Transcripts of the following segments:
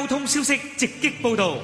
交通消息直擊報道。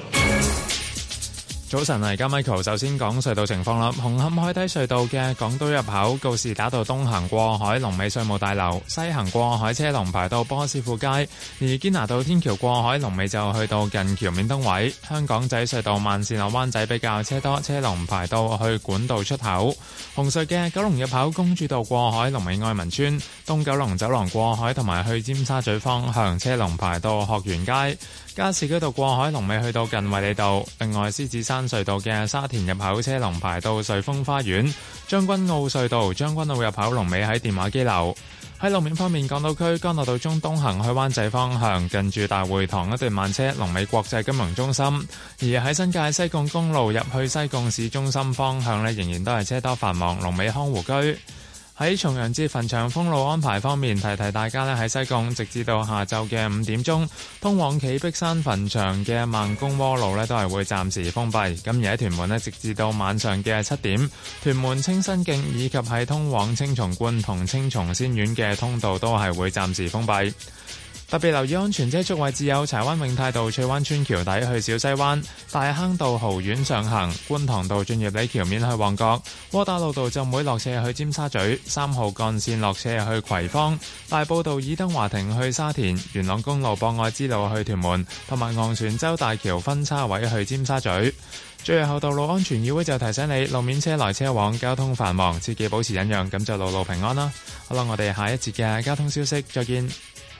早晨，嚟緊 Michael。首先講隧道情況啦。紅磡海底隧道嘅港島入口告士打道東行過海，龍尾稅務大樓；西行過海，車龍排到波斯富街。而堅拿道天橋過海，龍尾就去到近橋面燈位。香港仔隧道慢綫落灣仔比較車多，車龍排到去管道出口。紅隧嘅九龍入口公主道過海，龍尾愛民村；東九龍走廊過海同埋去尖沙咀方向，車龍排到學園街。加士居道過海龍尾去到近衛理道。另外獅子山隧道嘅沙田入口車龍排到瑞峰花園，將軍澳隧道將軍澳入口龍尾喺電話機樓。喺路面方面，港島區干諾道中東行去灣仔方向，近住大會堂一段慢車龍尾國際金融中心。而喺新界西貢公路入去西貢市中心方向呢，仍然都係車多繁忙，龍尾匡湖居。喺重陽節墳場封路安排方面，提提大家咧，喺西貢，直至到下晝嘅五點鐘，通往企碧山墳場嘅孟公窩路都係會暫時封閉。咁而喺屯門直至到晚上嘅七點，屯門清新徑以及喺通往青松觀同青松仙苑嘅通道都係會暫時封閉。特別留意安全車速位置，有柴灣永泰道翠灣村橋底去小西灣、大坑道豪苑上行、觀塘道進入你橋面去旺角、窩打老道就唔會落車去尖沙咀、三號幹線落車去葵芳、大埔道以登華庭去沙田、元朗公路博愛支路去屯門，同埋昂船洲大橋分叉位去尖沙咀。最後道路安全議會就提醒你，路面車來車往，交通繁忙，切記保持忍讓，咁就路路平安啦。好啦，我哋下一節嘅交通消息再見。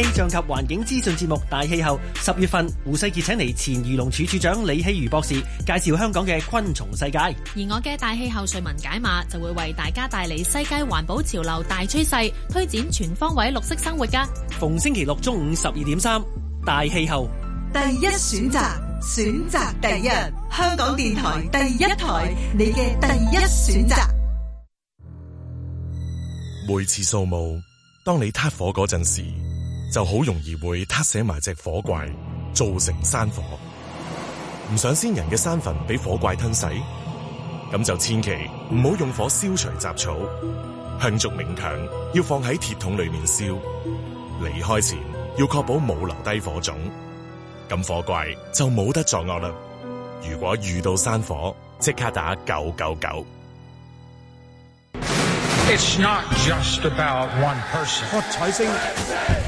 氣象及環境資訊節目《大氣候》，十月份胡世杰請嚟前漁農處處長李熙瑜博士介紹香港嘅昆蟲世界。而我嘅《大氣候睡文解碼》就會為大家帶嚟世界環保潮流大趨勢，推展全方位綠色生活噶。逢星期六中午十二點三，《大氣候》第一選擇，選擇第一，香港電台第一台，你嘅第一選擇。每次掃墓，當你撻火嗰陣時，就好容易會撻寫埋隻火怪，造成山火。唔想先人嘅山墳俾火怪吞噬，咁就千祈唔好用火燒除雜草。香燭冥鏹，要放喺鐵桶裏面燒，離開前要確保冇留低火種，咁火怪就冇得作惡啦。如果遇到山火，即刻打九九九。It's not just about one person.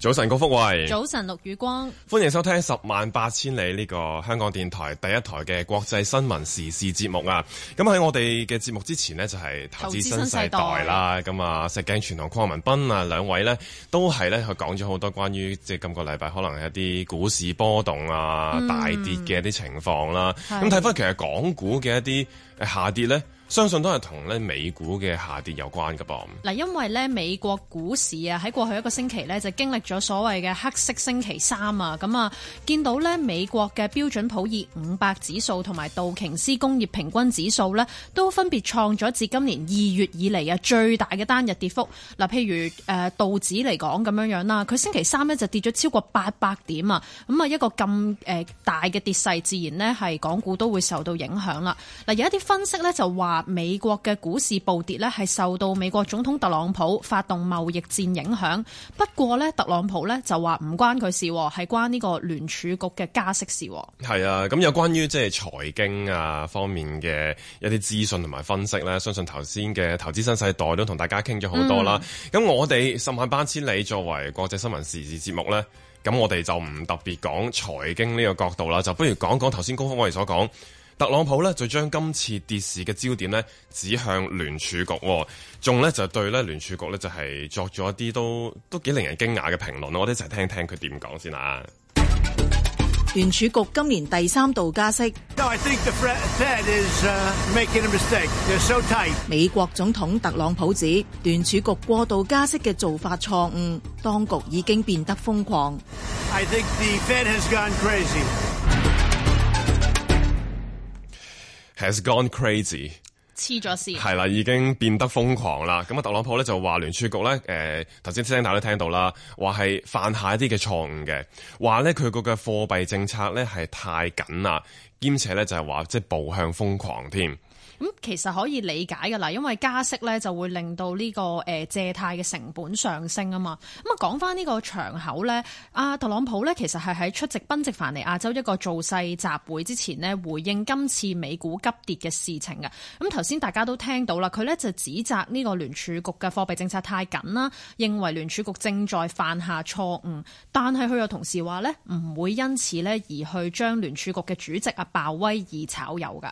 早晨，郭福慧。早晨，陸雨光。歡迎收聽《十萬八千里》呢個香港電台第一台嘅國際新聞時事節目啊。咁喺我哋嘅節目之前呢，就係、是、投資新世代啦。咁啊，啊，石鏡全同鄺文斌啊，兩位呢，都係咧佢講咗好多關於即係今個禮拜可能係一啲股市波動啊、嗯、大跌嘅一啲情況啦、啊。咁睇翻其實港股嘅一啲下跌咧。相信都係同咧美股嘅下跌有關嘅噃。嗱，因為咧美國股市啊，喺過去一個星期咧就經歷咗所謂嘅黑色星期三啊，咁啊見到咧美國嘅標準普爾五百指數同埋道瓊斯工業平均指數咧都分別創咗自今年二月以嚟，啊最大嘅單日跌幅。嗱，譬如誒道指嚟講咁樣樣啦，佢星期三咧就跌咗超過八百點啊，咁啊一個咁誒大嘅跌勢自然咧係港股都會受到影響啦。嗱，有一啲分析咧就話。美國嘅股市暴跌咧，係受到美國總統特朗普發動貿易戰影響。不過咧，特朗普咧就話唔關佢事喎，係關呢個聯儲局嘅加息事。係啊，咁有關於即係財經啊方面嘅一啲資訊同埋分析咧，相信頭先嘅投資新世代都同大家傾咗好多啦。咁、嗯、我哋十萬八千里作為國際新聞時事節目咧，咁我哋就唔特別講財經呢個角度啦，就不如講講頭先高科偉所講。特朗普呢就將今次跌市嘅焦點呢指向聯儲局，仲呢就對咧聯儲局呢就係作咗一啲都都幾令人驚訝嘅評論，我哋一齊聽聽佢點講先啦。聯儲局今年第三度加息。No, so、美國總統特朗普指聯儲局過度加息嘅做法錯誤，當局已經變得瘋狂。I think the、Fed、has gone Fed crazy has gone crazy，黐咗線係啦，已經變得瘋狂啦。咁啊，特朗普咧就話聯儲局咧誒，頭先大家都聽到啦，話係犯下一啲嘅錯誤嘅，話咧佢個嘅貨幣政策咧係太緊啦，兼且咧就係話即係步向瘋狂添。咁其實可以理解嘅啦，因為加息咧就會令到呢、這個誒、呃、借貸嘅成本上升啊嘛。咁啊，講翻呢個場口咧，阿特朗普咧其實係喺出席賓夕凡尼亞州一個造勢集會之前呢，回應今次美股急跌嘅事情嘅。咁頭先大家都聽到啦，佢咧就指責呢個聯儲局嘅貨幣政策太緊啦，認為聯儲局正在犯下錯誤。但係佢又同時話咧，唔會因此咧而去將聯儲局嘅主席阿鮑威爾炒魷嘅。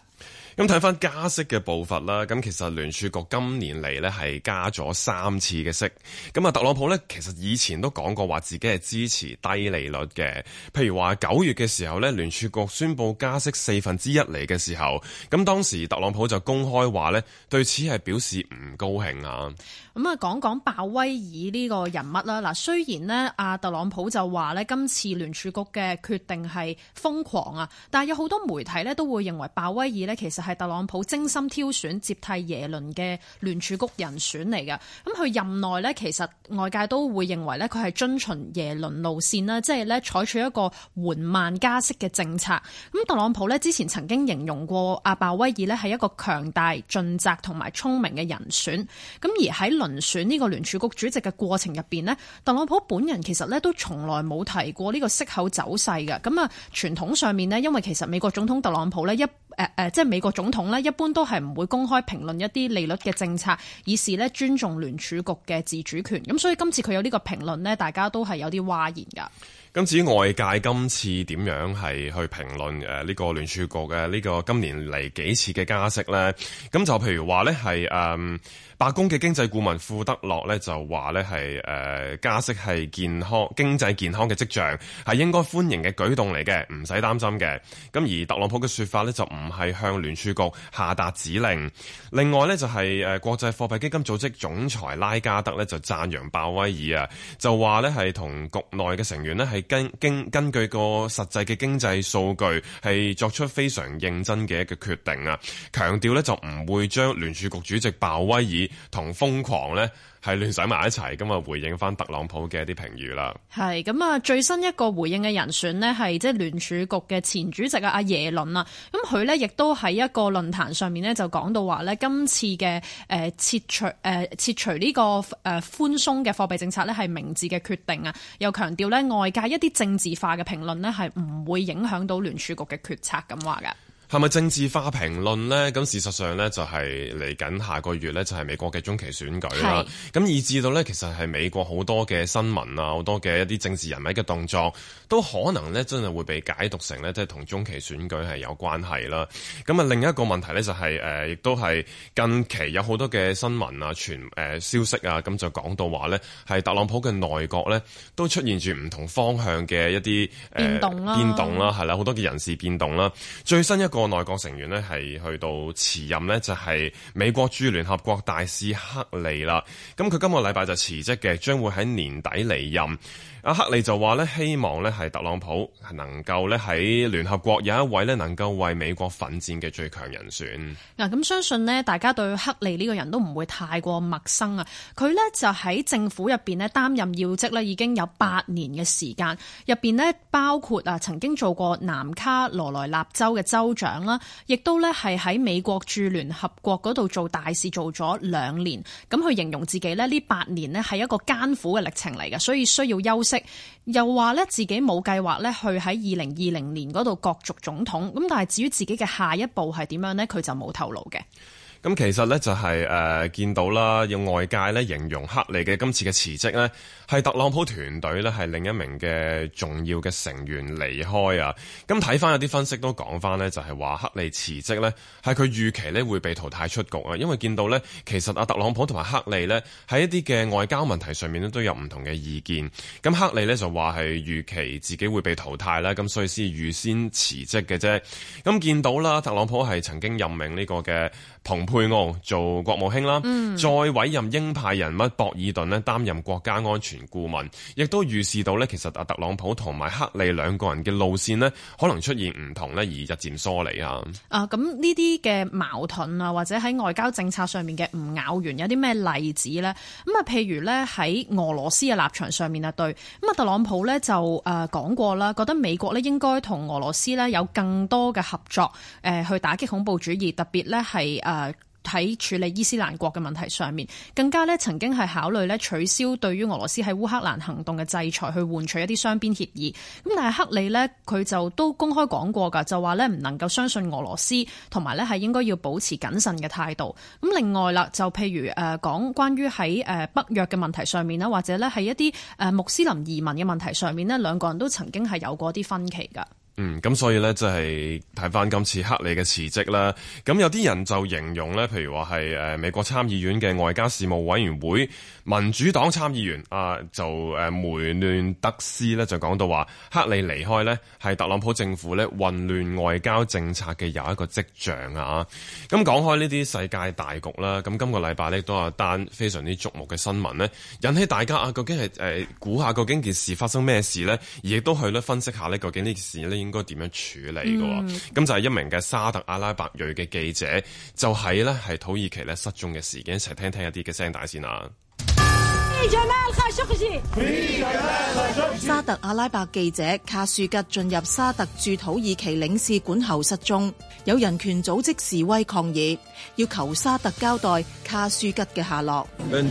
咁睇翻加息嘅步伐啦，咁其實聯儲局今年嚟呢係加咗三次嘅息。咁啊，特朗普呢，其實以前都講過話自己係支持低利率嘅，譬如話九月嘅時候呢，聯儲局宣布加息四分之一釐嘅時候，咁當時特朗普就公開話呢，對此係表示唔高興啊。咁啊，講講鮑威爾呢個人物啦。嗱，雖然咧，阿特朗普就話咧，今次聯儲局嘅決定係瘋狂啊，但係有好多媒體咧都會認為鮑威爾咧其實係特朗普精心挑選接替耶倫嘅聯儲局人選嚟嘅。咁佢任內咧，其實外界都會認為咧，佢係遵循耶倫路線啦，即係咧採取一個緩慢加息嘅政策。咁特朗普咧之前曾經形容過阿鮑威爾咧係一個強大、盡責同埋聰明嘅人選，咁而喺輪選呢個聯儲局主席嘅過程入邊呢，特朗普本人其實呢都從來冇提過呢個息口走勢嘅。咁啊，傳統上面呢，因為其實美國總統特朗普呢，一誒誒，即係美國總統呢，一般都係唔會公開評論一啲利率嘅政策，以示呢尊重聯儲局嘅自主權。咁所以今次佢有呢個評論呢，大家都係有啲嘩然噶咁至於外界今次點樣係去評論誒呢個聯儲局嘅呢、呢個今年嚟幾次嘅加息呢？咁就譬如話呢係誒。嗯白宮嘅經濟顧問庫德洛呢，就話呢係誒加息係健康經濟健康嘅跡象，係應該歡迎嘅舉動嚟嘅，唔使擔心嘅。咁而特朗普嘅說法呢，就唔係向聯儲局下達指令。另外呢，就係國際貨幣基金組織總裁拉加德呢，就讚揚鮑威爾啊，就話呢係同局內嘅成員呢係根，根據個實際嘅經濟數據係作出非常認真嘅一個決定啊，強調呢，就唔會將聯儲局主席鮑威爾同瘋狂咧，係亂想埋一齊，咁啊回應翻特朗普嘅一啲評語啦。係咁啊，最新一個回應嘅人選呢，係即係聯儲局嘅前主席啊，阿耶倫啊，咁佢呢亦都喺一個論壇上面呢，就講到話呢，今次嘅誒撤除誒撤除呢個誒寬鬆嘅貨幣政策呢，係明智嘅決定啊，又強調呢，外界一啲政治化嘅評論呢，係唔會影響到聯儲局嘅決策咁話噶。係咪政治化評論呢？咁事實上呢，就係嚟緊下個月呢，就係、是、美國嘅中期選舉啦。咁以至到呢，其實係美國好多嘅新聞啊，好多嘅一啲政治人物嘅動作。都可能咧，真係會被解讀成咧，即係同中期選舉係有關係啦。咁啊，另一個問題咧就係、是、誒，亦、呃、都係近期有好多嘅新聞啊、傳誒、呃、消息啊，咁就講到話咧，係特朗普嘅內閣咧都出現住唔同方向嘅一啲變動啦，變動啦、啊，係啦，好多嘅人事變動啦。最新一個內閣成員呢，係去到辭任呢，就係美國駐聯合國大使克利啦。咁佢今個禮拜就辭職嘅，將會喺年底離任。阿克利就話咧，希望咧係特朗普能夠咧喺聯合國有一位咧能夠為美國奮戰嘅最強人選。嗯，嗱，咁相信咧，大家對克利呢個人都唔會太過陌生啊！佢咧就喺政府入邊咧擔任要職咧，已經有八年嘅時間。入邊咧包括啊曾經做過南卡羅來納州嘅州長啦，亦都咧係喺美國駐聯合國嗰度做大事做咗兩年。咁佢形容自己咧呢八年咧係一個艱苦嘅歷程嚟嘅，所以需要休息。又話咧自己冇計劃咧去喺二零二零年嗰度角逐總統，咁但係至於自己嘅下一步係點樣呢？佢就冇透露嘅。咁其實呢、就是，就係誒見到啦，用外界咧形容克利嘅今次嘅辭職呢，係特朗普團隊呢係另一名嘅重要嘅成員離開啊。咁睇翻有啲分析都講翻呢，就係、是、話克利辭職呢係佢預期呢會被淘汰出局啊。因為見到呢，其實阿、啊、特朗普同埋克利呢喺一啲嘅外交問題上面都有唔同嘅意見。咁克利呢就話係預期自己會被淘汰啦，咁所以先預先辭職嘅啫。咁見到啦，特朗普係曾經任命呢個嘅。蓬佩奧做國務卿啦、嗯，再委任鷹派人物博爾頓呢擔任國家安全顧問，亦都預示到呢，其實特朗普同埋克里兩個人嘅路線呢，可能出現唔同呢而日漸疏離啊。啊、嗯，咁呢啲嘅矛盾啊，或者喺外交政策上面嘅唔咬完，有啲咩例子呢？咁啊，譬如呢，喺俄羅斯嘅立場上面啊，對咁啊，特朗普呢，就誒講過啦，覺得美國呢應該同俄羅斯呢有更多嘅合作，去打擊恐怖主義，特別呢係誒，喺處理伊斯蘭國嘅問題上面，更加咧曾經係考慮咧取消對於俄羅斯喺烏克蘭行動嘅制裁，去換取一啲雙邊協議。咁但係克里呢，佢就都公開講過噶，就話呢唔能夠相信俄羅斯，同埋呢係應該要保持謹慎嘅態度。咁另外啦，就譬如誒講關於喺誒北約嘅問題上面啦，或者呢係一啲誒穆斯林移民嘅問題上面，呢兩個人都曾經係有過啲分歧噶。嗯，咁所以呢，就係睇翻今次克利嘅辭職啦。咁有啲人就形容呢，譬如話係誒美國參議院嘅外交事務委員會。民主黨參議員啊，就誒梅、啊、嫩德斯呢就講到話克里離開呢係特朗普政府呢混亂外交政策嘅有一個跡象啊。咁講開呢啲世界大局啦，咁今個禮拜呢都有單非常之矚目嘅新聞呢引起大家啊，究竟係誒估下究竟件事發生咩事呢，而亦都去咧分析下究竟呢件事呢應該點樣處理喎，咁、嗯、就係一名嘅沙特阿拉伯裔嘅記者，就喺呢係土耳其失蹤嘅事件一齊聽，聽聽一啲嘅聲帶先啊。沙特阿拉伯記者卡舒吉進入沙特駐土耳其領事館後失蹤，有人權組織示威抗議，要求沙特交代卡舒吉嘅下落的。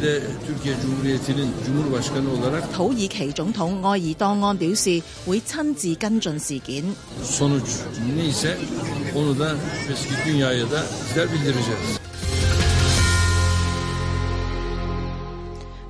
土耳其總統愛爾多安表示會親自跟進事件。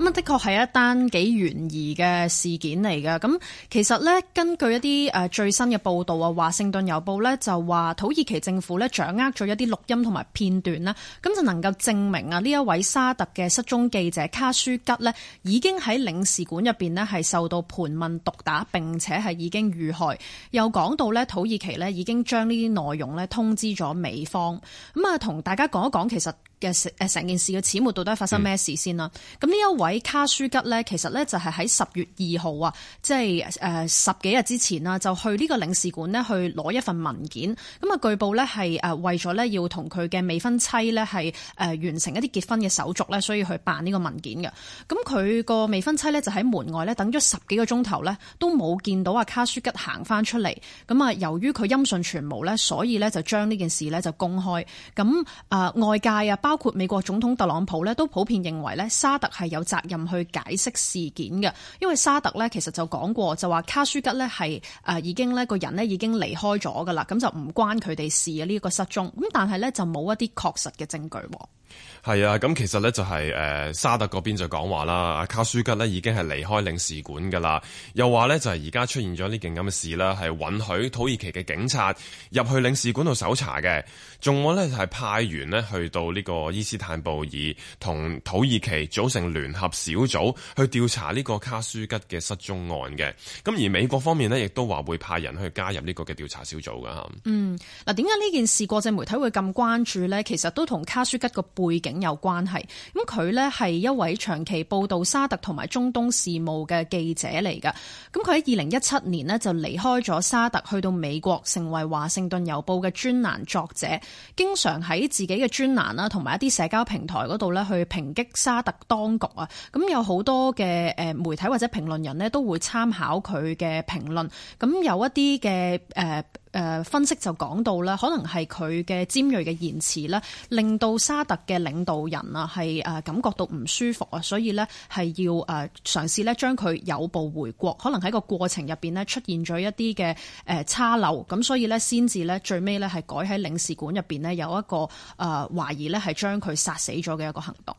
咁的確係一單幾懸疑嘅事件嚟嘅。咁其實呢，根據一啲誒最新嘅報道啊，華頓郵《華盛頓郵報》呢，就話土耳其政府呢，掌握咗一啲錄音同埋片段啦，咁就能夠證明啊呢一位沙特嘅失蹤記者卡舒吉呢，已經喺領事館入邊呢，係受到盤問、毒打，並且係已經遇害。又講到呢，土耳其呢，已經將呢啲內容呢，通知咗美方。咁啊，同大家講一講，其實。成件事嘅始末到底發生咩事先啦？咁、嗯、呢一位卡舒吉咧，其實咧就係喺十月二號啊，即係誒十幾日之前啊，就去呢個領事館呢去攞一份文件。咁啊，據報呢係誒為咗呢要同佢嘅未婚妻呢係完成一啲結婚嘅手續咧，所以去辦呢個文件嘅。咁佢個未婚妻呢，就喺門外咧等咗十幾個鐘頭呢，都冇見到啊卡舒吉行翻出嚟。咁啊，由於佢音訊全無呢，所以呢就將呢件事呢就公開。咁、呃、啊，外界啊包。包括美國總統特朗普咧，都普遍認為咧沙特係有責任去解釋事件嘅，因為沙特咧其實就講過就話卡舒吉咧係誒已經咧個人咧已經離開咗噶啦，咁就唔關佢哋事嘅呢個失蹤咁，但係咧就冇一啲確實嘅證據。係啊，咁其實咧就係、是、誒、呃、沙特嗰邊就講話啦，卡舒吉呢已經係離開領事館噶啦，又話咧就係而家出現咗呢件咁嘅事啦。係允許土耳其嘅警察入去領事館度搜查嘅，仲話咧係派員咧去到呢個伊斯坦布爾同土耳其組成聯合小組去調查呢個卡舒吉嘅失蹤案嘅。咁而美國方面呢，亦都話會派人去加入呢個嘅調查小組㗎吓。嗯，嗱點解呢件事國際媒體會咁關注呢？其實都同卡舒吉個背景。有關係，咁佢呢係一位長期報道沙特同埋中東事務嘅記者嚟㗎。咁佢喺二零一七年呢就離開咗沙特，去到美國，成為華盛頓郵報嘅專欄作者，經常喺自己嘅專欄啦，同埋一啲社交平台嗰度呢去抨擊沙特當局啊。咁有好多嘅誒媒體或者評論人呢都會參考佢嘅評論。咁有一啲嘅誒。呃誒、呃、分析就講到咧，可能係佢嘅尖銳嘅言辭咧，令到沙特嘅領導人啊係、呃、感覺到唔舒服啊，所以呢，係、呃、要嘗試呢將佢有步回國，可能喺個過程入面呢，出現咗一啲嘅誒差漏，咁、呃、所以呢，先至呢，最尾呢，係改喺領事館入面呢，有一個誒、呃、懷疑呢，係將佢殺死咗嘅一個行動。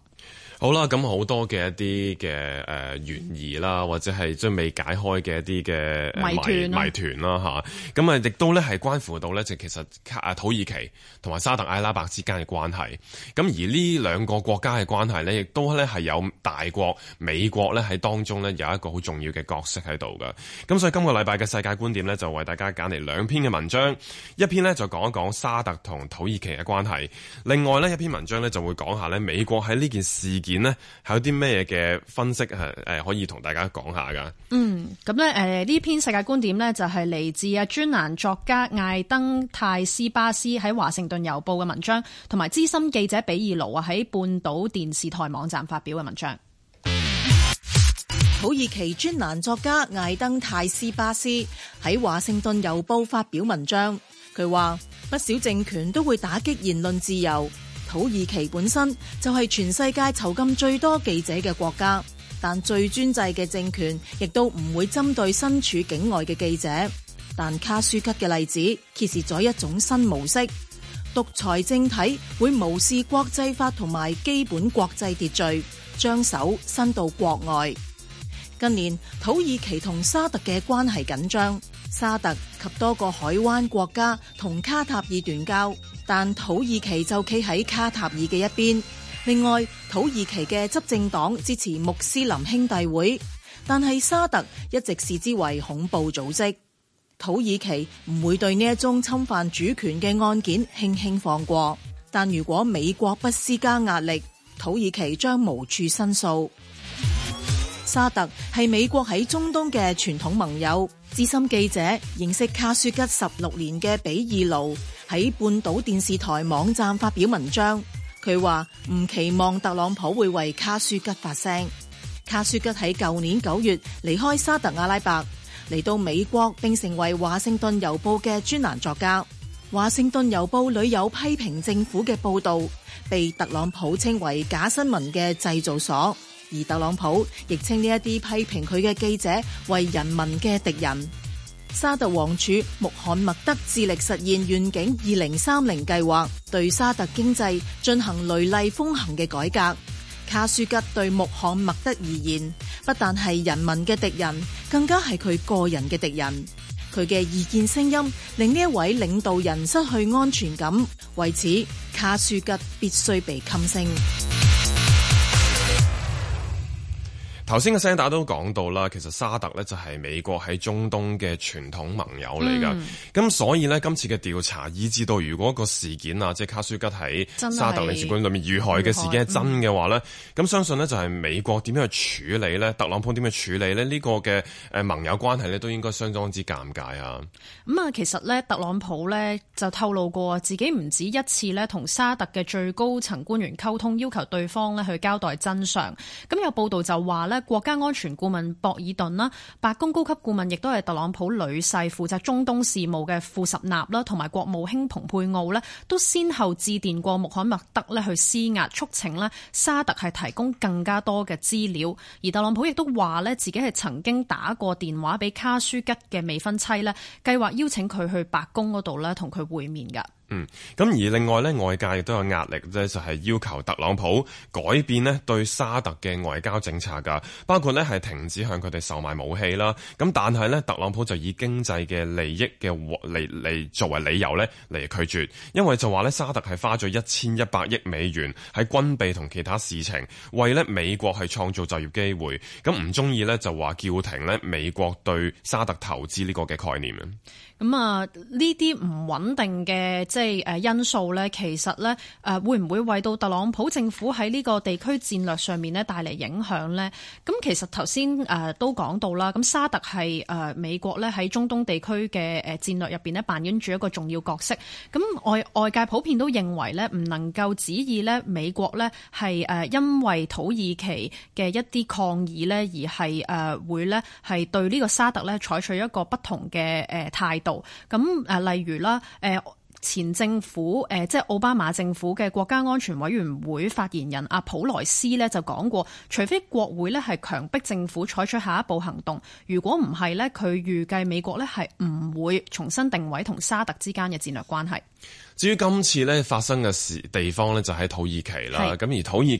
好啦，咁好多嘅一啲嘅誒懸疑啦，或者係將未解開嘅一啲嘅謎謎團啦，吓，咁啊，亦都咧係關乎到咧，就其實卡土耳其同埋沙特阿拉伯之間嘅關係，咁而呢兩個國家嘅關係咧，亦都咧係有大國美國咧喺當中咧有一個好重要嘅角色喺度嘅，咁所以今個禮拜嘅世界觀點咧，就為大家揀嚟兩篇嘅文章，一篇咧就講一講沙特同土耳其嘅關係，另外咧一篇文章咧就會講下咧美國喺呢件事。件係有啲咩嘅分析係誒，可以同大家講下噶。嗯，咁咧誒，呢篇世界觀點呢，就係嚟自啊專欄作家艾登泰斯巴斯喺華盛頓郵報嘅文章，同埋資深記者比爾盧啊喺半島電視台網站發表嘅文章。土耳其專欄作家艾登泰斯巴斯喺華盛頓郵報發表文章，佢話不少政權都會打擊言論自由。土耳其本身就係全世界囚禁最多記者嘅國家，但最專制嘅政權亦都唔會針對身處境外嘅記者。但卡舒吉嘅例子揭示咗一種新模式：獨裁政體會無視國際法同埋基本國際秩序，將手伸到國外。近年土耳其同沙特嘅關係緊張，沙特及多個海灣國家同卡塔爾斷交。但土耳其就企喺卡塔爾嘅一邊。另外，土耳其嘅執政黨支持穆斯林兄弟會，但係沙特一直視之為恐怖組織。土耳其唔會對呢一宗侵犯主權嘅案件輕輕放過。但如果美國不施加壓力，土耳其將無處申訴。沙特係美國喺中東嘅傳統盟友。資深記者認識卡舒吉十六年嘅比爾路喺半島電視台網站發表文章，佢話唔期望特朗普會為卡舒吉發聲。卡舒吉喺舊年九月離開沙特阿拉伯嚟到美國，並成為華盛頓郵報嘅專欄作家。華盛頓郵報屢有批評政府嘅報道，被特朗普稱為假新聞嘅製造所，而特朗普亦稱呢一啲批評佢嘅記者為人民嘅敵人。沙特王儲穆罕默德致力實現願景二零三零計劃，對沙特經濟進行雷厲風行嘅改革。卡舒吉對穆罕默德而言，不但係人民嘅敵人，更加係佢個人嘅敵人。佢嘅異見聲音令呢一位領導人失去安全感，為此卡舒吉必須被噤聲。頭先嘅聲帶都講到啦。其實沙特呢就係美國喺中東嘅傳統盟友嚟㗎，咁、嗯、所以呢，今次嘅調查，以致到如果一個事件啊，即係卡舒吉喺沙特領事館裏面遇害嘅事件係真嘅話呢，咁、嗯、相信呢就係美國點樣去處理呢？特朗普點去處理呢？呢個嘅誒盟友關係呢，都應該相當之尷尬啊。咁、嗯、啊，其實呢，特朗普呢就透露過自己唔止一次呢，同沙特嘅最高層官員溝通，要求對方呢去交代真相。咁、嗯、有報道就話呢。國家安全顧問博爾頓啦，白宮高級顧問亦都係特朗普女婿，負責中東事務嘅庫什納啦，同埋國務卿蓬佩奧呢都先後致電過穆罕默德呢去施壓，促請呢沙特係提供更加多嘅資料。而特朗普亦都話呢自己係曾經打過電話俾卡舒吉嘅未婚妻呢，計劃邀請佢去白宮嗰度呢同佢會面㗎。嗯，咁而另外咧，外界亦都有壓力咧，就係要求特朗普改變呢對沙特嘅外交政策噶包括呢係停止向佢哋售賣武器啦。咁但係呢特朗普就以經濟嘅利益嘅獲利嚟作為理由呢嚟拒絕，因為就話呢沙特係花咗一千一百億美元喺軍備同其他事情，為咧美國係創造就業機會。咁唔中意呢，就話叫停呢美國對沙特投資呢個嘅概念啊。咁啊，呢啲唔穩定嘅即係誒因素咧，其實咧誒會唔會為到特朗普政府喺呢個地區戰略上面咧帶嚟影響咧？咁其實頭先誒都講到啦，咁沙特係誒美國咧喺中東地區嘅誒戰略入邊咧扮演住一個重要角色。咁外外界普遍都認為咧唔能夠旨意咧美國咧係誒因為土耳其嘅一啲抗議咧而係誒會咧係對呢個沙特咧採取一個不同嘅誒態度。度咁誒，例如啦，誒前政府誒即係奧巴馬政府嘅國家安全委員會發言人阿普萊斯呢就講過，除非國會呢係強迫政府採取下一步行動，如果唔係呢，佢預計美國呢係唔會重新定位同沙特之間嘅戰略關係。至於今次咧發生嘅事地方咧就喺、是、土耳其啦，咁而土耳其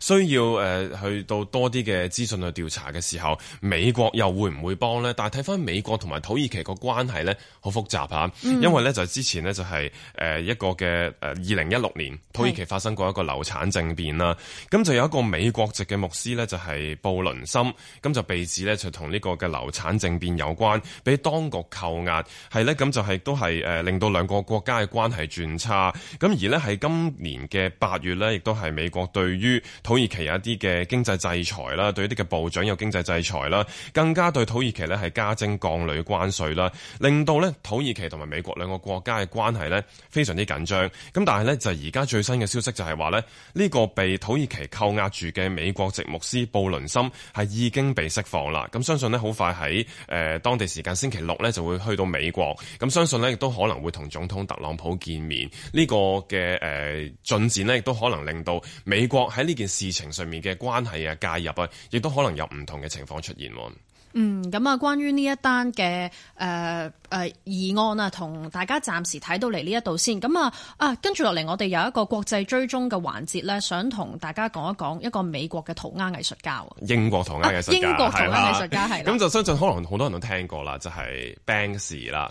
需要誒、呃、去到多啲嘅資訊去調查嘅時候，美國又會唔會幫呢？但係睇翻美國同埋土耳其個關係咧，好複雜嚇、嗯，因為咧就之前呢，就係、是、誒一個嘅誒二零一六年土耳其發生過一個流產政變啦，咁就有一個美國籍嘅牧師呢，就係、是、布倫森，咁就被指呢，就同呢個嘅流產政變有關，俾當局扣押，係咧咁就係都係、呃、令到兩個國家嘅關係。轉差咁，而呢，喺今年嘅八月呢，亦都係美國對於土耳其有一啲嘅經濟制裁啦，對於一啲嘅部長有經濟制裁啦，更加對土耳其呢係加徵鋼鋁關稅啦，令到呢土耳其同埋美國兩個國家嘅關係呢非常之緊張。咁但係呢，就而家最新嘅消息就係話呢，呢、這個被土耳其扣押住嘅美國籍牧師布倫森係已經被釋放啦。咁相信呢，好快喺誒、呃、當地時間星期六呢就會去到美國。咁相信呢，亦都可能會同總統特朗普見。面呢、這個呢個嘅誒、呃、進展呢，亦都可能令到美國喺呢件事情上面嘅關係啊、介入啊，亦都可能有唔同嘅情況出現喎、啊。嗯，咁啊，關於呢一單嘅誒誒議案啊，同大家暫時睇到嚟呢一度先。咁、嗯、啊啊，跟住落嚟，我哋有一個國際追蹤嘅環節咧，想同大家講一講一個美國嘅塗鴉藝術家喎。英國塗鴉藝術家，英國塗鴉藝術家係。咁、啊、 就相信可能好多人都聽過啦，就係 Banksy 啦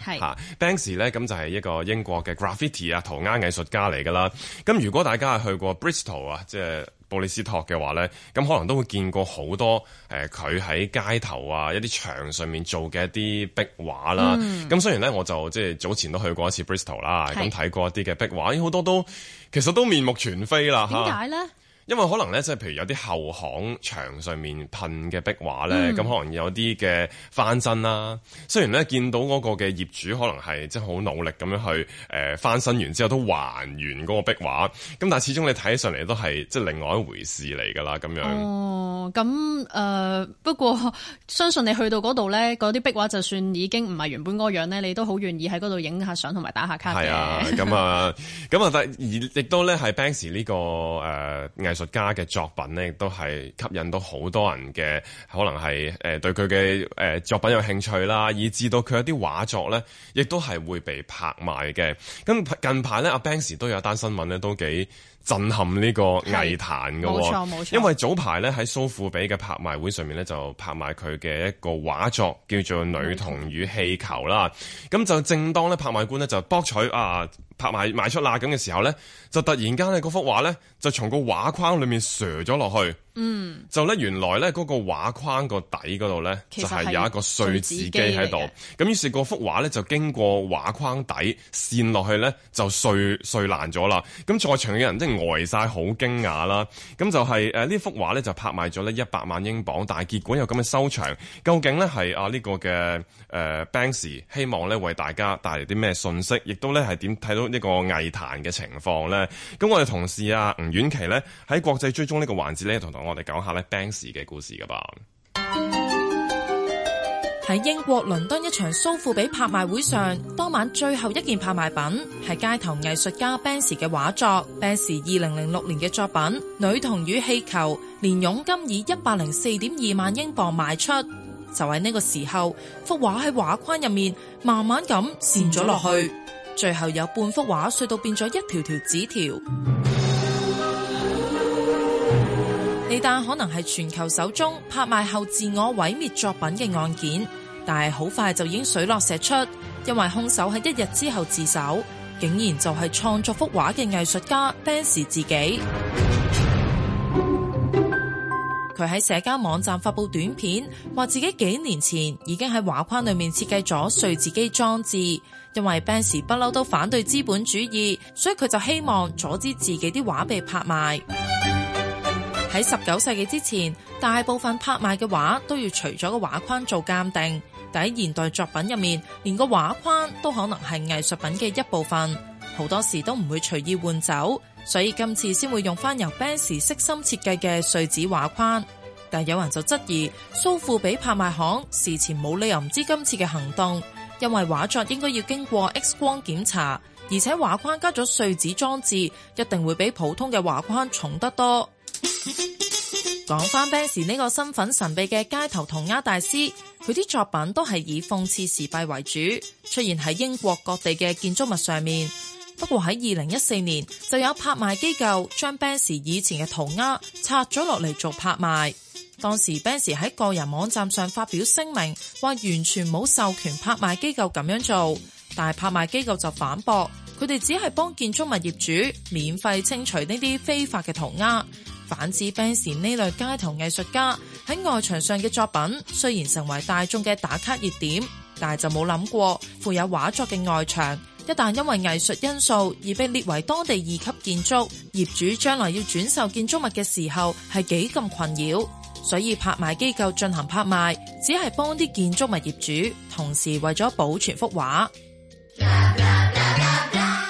，Banksy 呢，咁就係一個英國嘅 graffiti 啊塗鴉藝術家嚟噶啦。咁如果大家係去過 Bristol 啊，即係。布里斯托嘅話咧，咁可能都會見過好多誒，佢、呃、喺街頭啊一啲牆上面做嘅一啲壁畫啦。咁、嗯、雖然咧，我就即係早前都去過一次 Bristol 啦，咁睇過一啲嘅壁畫，好多都其實都面目全非啦。點解咧？啊因為可能咧，即係譬如有啲後巷牆上面噴嘅壁畫咧，咁、嗯、可能有啲嘅翻新啦、啊。雖然咧見到嗰個嘅業主可能係即係好努力咁樣去誒、呃、翻新完之後都還原嗰個壁畫，咁但係始終你睇起上嚟都係即係另外一回事嚟㗎啦，咁樣。哦，咁誒、呃、不過相信你去到嗰度咧，嗰啲壁畫就算已經唔係原本嗰樣咧，你都好願意喺嗰度影下相同埋打下卡。係啊，咁、嗯、啊，咁 啊、嗯，但係而亦都咧係 Banksy 呢、呢個、呃藝術家嘅作品咧，亦都係吸引到好多人嘅，可能係誒、呃、對佢嘅誒作品有興趣啦，以至到佢一啲畫作咧，亦都係會被拍賣嘅。咁近排咧，阿 Banksy 都有一單新聞咧，都幾。震撼呢個藝壇㗎喎，因為早排咧喺蘇富比嘅拍賣會上面咧就拍賣佢嘅一個畫作叫做《女童與氣球》啦，咁就正當咧拍賣官咧就博取啊拍賣賣出啦咁嘅時候咧，就突然間咧嗰幅畫咧就從個畫框裏面瀡咗落去。嗯，就咧原來咧嗰個畫框個底嗰度咧，就係有一個碎紙機喺度，咁、嗯、於是，於是個幅畫咧就經過畫框底，扇落去咧就碎碎爛咗啦。咁在場嘅人即係呆晒，好驚訝啦。咁就係誒呢幅畫咧就拍賣咗咧一百萬英鎊，但係結果有咁嘅收場，究竟咧係啊呢個嘅誒、呃、Banksy 希望咧為大家帶嚟啲咩信息，亦都咧係點睇到個藝呢個藝壇嘅情況咧？咁我哋同事啊吳婉琪咧喺國際追蹤呢個環節咧同同。我哋講下咧 Banksy 嘅故事噶噃。喺英國倫敦一場蘇富比拍賣會上，當晚最後一件拍賣品係街頭藝術家 Banksy 嘅畫作，Banksy 二零零六年嘅作品《女童與氣球》，連佣金以一百零四點二萬英鎊賣出。就喺呢個時候，幅畫喺畫框入面慢慢咁扇咗落去，mm -hmm. 最後有半幅畫碎到變咗一條條紙條。呢單可能係全球首宗拍賣後自我毀滅作品嘅案件，但係好快就已經水落石出，因為兇手喺一日之後自首，竟然就係創作幅畫嘅藝術家 Ben 自己。佢喺社交網站發布短片，話自己幾年前已經喺畫框裏面設計咗碎紙機裝置，因為 Ben 不嬲都反對資本主義，所以佢就希望阻止自己啲畫被拍賣。喺十九世紀之前，大部分拍賣嘅畫都要除咗個畫框做鑒定。但喺現代作品入面，連個畫框都可能係藝術品嘅一部分，好多時都唔會隨意換走，所以今次先會用返由 Banksy 悉心設計嘅碎紙畫框。但有人就質疑蘇富比拍賣行事前冇理由唔知今次嘅行動，因為畫作應該要經過 X 光檢查，而且畫框加咗碎紙裝置，一定會比普通嘅畫框重得多。講返，Banksy 呢個身份神秘嘅街頭塗鴉大師，佢啲作品都係以諷刺時弊為主，出現喺英國各地嘅建築物上面。不過喺二零一四年，就有拍賣機構將 Banksy 以前嘅塗鴉拆咗落嚟做拍賣。當時 Banksy 喺個人網站上發表聲明，話完全冇授權拍賣機構咁樣做，但係拍賣機構就反駁，佢哋只係幫建築物業主免費清除呢啲非法嘅塗鴉。反指 Banksy 呢類街頭藝術家喺外牆上嘅作品，雖然成為大眾嘅打卡熱點，但係就冇諗過，附有畫作嘅外牆一旦因為藝術因素而被列為當地二級建築，業主將來要轉售建築物嘅時候係幾咁困擾，所以拍賣機構進行拍賣，只係幫啲建築物業主，同時為咗保存幅畫。嗯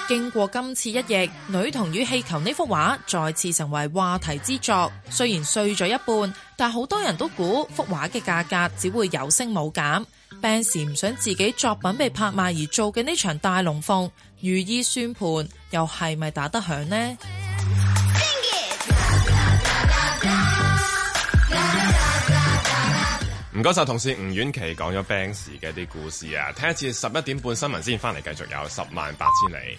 經過今次一役，女童與氣球呢幅畫再次成為話題之作。雖然碎咗一半，但好多人都估幅畫嘅價格只會有升冇減。Banksy 唔想自己作品被拍賣而做嘅呢場大龍鳳，如意算盤又係咪打得響呢？唔該晒同事吳婉琪講咗 Banksy 嘅啲故事啊！聽一次十一點半新聞先翻嚟繼續有十萬八千里。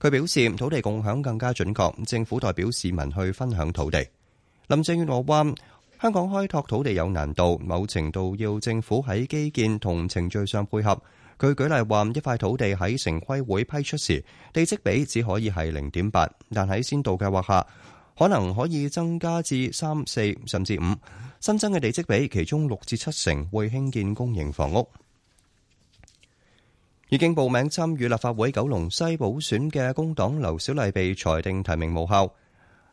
佢表示土地共享更加準確，政府代表市民去分享土地。林鄭月娥話：香港開拓土地有難度，某程度要政府喺基建同程序上配合。佢舉例話，一塊土地喺城規會批出時，地積比只可以係零點八，但喺先導計劃下，可能可以增加至三四甚至五。新增嘅地積比其中六至七成會興建公營房屋。已經報名參與立法會九龍西補選嘅工黨劉小麗被裁定提名無效。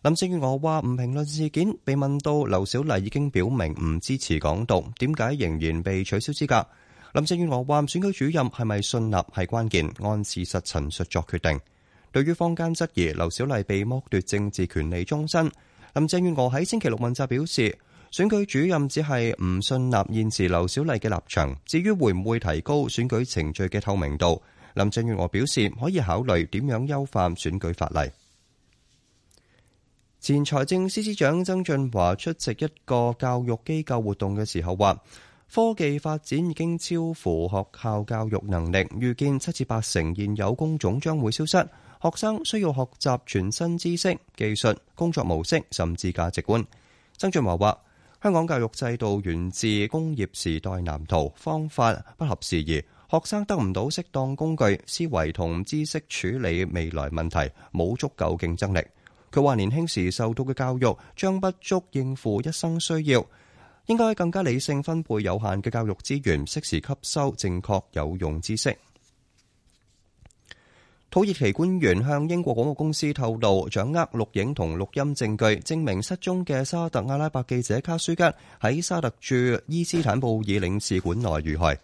林鄭月娥話唔評論事件，被問到劉小麗已經表明唔支持港獨，點解仍然被取消資格？林鄭月娥話選舉主任係咪信立係關鍵，按事實陳述作決定。對於坊間質疑劉小麗被剝奪政治權利終身，林鄭月娥喺星期六問責表示，選舉主任只係唔信納現時劉小麗嘅立場，至於會唔會提高選舉程序嘅透明度，林鄭月娥表示可以考慮點樣優化選舉法例。前財政司司長曾俊華出席一個教育機構活動嘅時候話：科技發展已經超乎學校教育能力，預見七至八成現有工種將會消失，學生需要學習全新知識、技術、工作模式，甚至價值觀。曾俊華話：香港教育制度源自工業時代藍圖，方法不合時宜，學生得唔到適當工具，思維同知識處理未來問題冇足夠競爭力。佢話年輕時受到嘅教育將不足應付一生需要，應該更加理性分配有限嘅教育資源，適時吸收正確有用知識。土耳其官員向英國廣播公司透露，掌握錄影同錄音證據，證明失蹤嘅沙特阿拉伯記者卡舒吉喺沙特駐伊斯坦布爾領事館內遇害。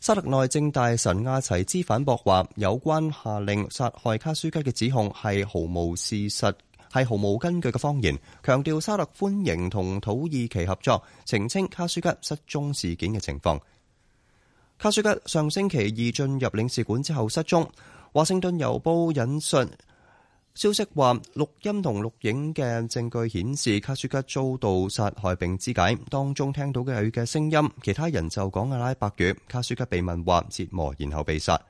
沙特內政大臣阿齊茲反駁話，有關下令殺害卡舒吉嘅指控係毫無事實，係毫無根據嘅謊言。強調沙特歡迎同土耳其合作澄清卡舒吉失蹤事件嘅情況。卡舒吉上星期二進入領事館之後失蹤。華盛頓郵報引述消息話，錄音同錄影嘅證據顯示卡舒吉遭到殺害並肢解。當中聽到嘅佢嘅聲音，其他人就講阿拉伯語。卡舒吉被問話折磨，然後被殺。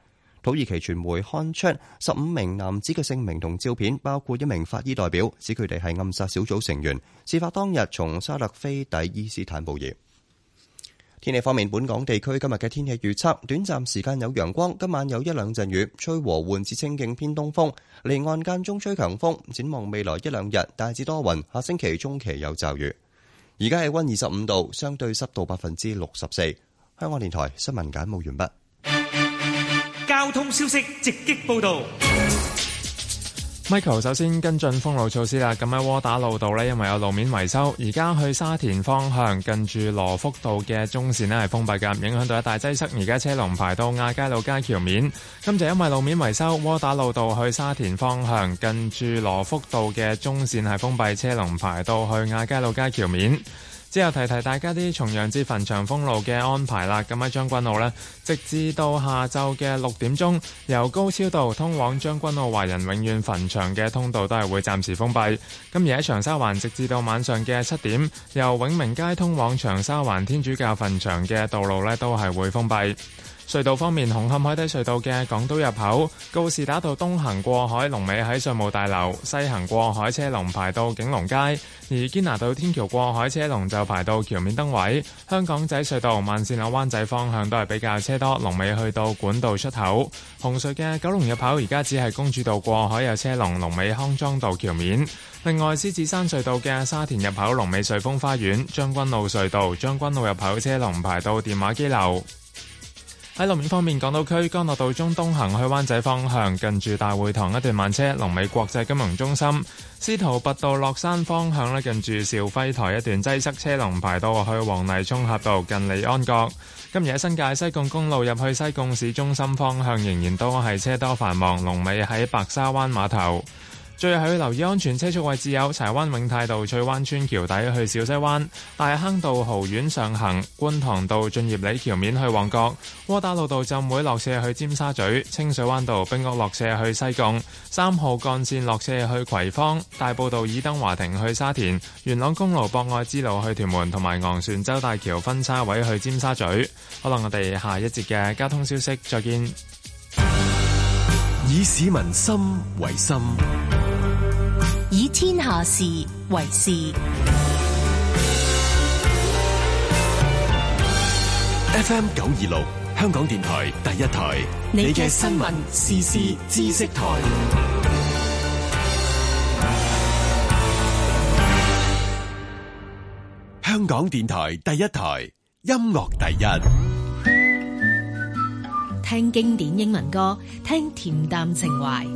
土耳其傳媒刊出十五名男子嘅姓名同照片，包括一名法醫代表，指佢哋係暗殺小組成員。事發當日從沙特飛抵伊斯坦布爾。天氣方面，本港地區今日嘅天氣預測，短暫時間有陽光，今晚有一兩陣雨，吹和緩至清勁偏東風，離岸間中吹強風。展望未來一兩日大致多雲，下星期中期有驟雨。而家氣溫二十五度，相對濕度百分之六十四。香港電台新聞簡報完畢。交通消息直擊報道。Michael 首先跟進封路措施啦。咁喺窩打路道呢，因為有路面維修，而家去沙田方向近住羅福道嘅中線係封閉㗎，影響到一大擠塞。而家車龍排到亞皆老街橋面。咁就因為路面維修，窩打路道去沙田方向近住羅福道嘅中線係封閉，車龍排到去亞皆老街橋面。之後提提大家啲重陽節墳場封路嘅安排啦。咁喺將軍澳呢，直至到下晝嘅六點鐘，由高超道通往將軍澳華人永遠墳場嘅通道都係會暫時封閉。咁而喺長沙灣直至到晚上嘅七點，由永明街通往長沙灣天主教墳場嘅道路呢，都係會封閉。隧道方面，紅磡海底隧道嘅港島入口告士打道東行過海，龍尾喺稅務大樓；西行過海車龍排到景隆街。而堅拿道天橋過海車龍就排到橋面燈位。香港仔隧道慢線路灣仔方向都係比較車多，龍尾去到管道出口。紅隧嘅九龍入口而家只係公主道過海有車龍，龍尾康莊道橋面。另外，獅子山隧道嘅沙田入口龍尾瑞峰花園，將軍澳隧道將軍澳入口車龍排到電話機樓。喺路面方面，港島區干諾道中東行去灣仔方向，近住大會堂一段慢車；龍尾國際金融中心；司徒拔道落山方向呢，近住肇輝臺一段擠塞車龍排到去黃泥涌峽道近利安閣。今日喺新界西貢公路入去西貢市中心方向，仍然都係車多繁忙，龍尾喺白沙灣碼頭。最後要留意安全車速，位置有柴灣永泰道翠灣村橋底去小西灣、大坑道豪苑上行、觀塘道俊業里橋面去旺角、窩打老道浸會落斜去尖沙咀、清水灣道冰工落斜去西貢、三號幹線落斜去葵芳、大埔道以登華庭去沙田、元朗公路博愛之路去屯門同埋昂船洲大橋分叉位去尖沙咀。好啦，我哋下一節嘅交通消息，再見。以市民心為心。天下事為事，FM 九二六香港電台第一台，你嘅新聞、時事、知識台，香港電台第一台，音樂第一，聽經典英文歌，聽恬淡情懷。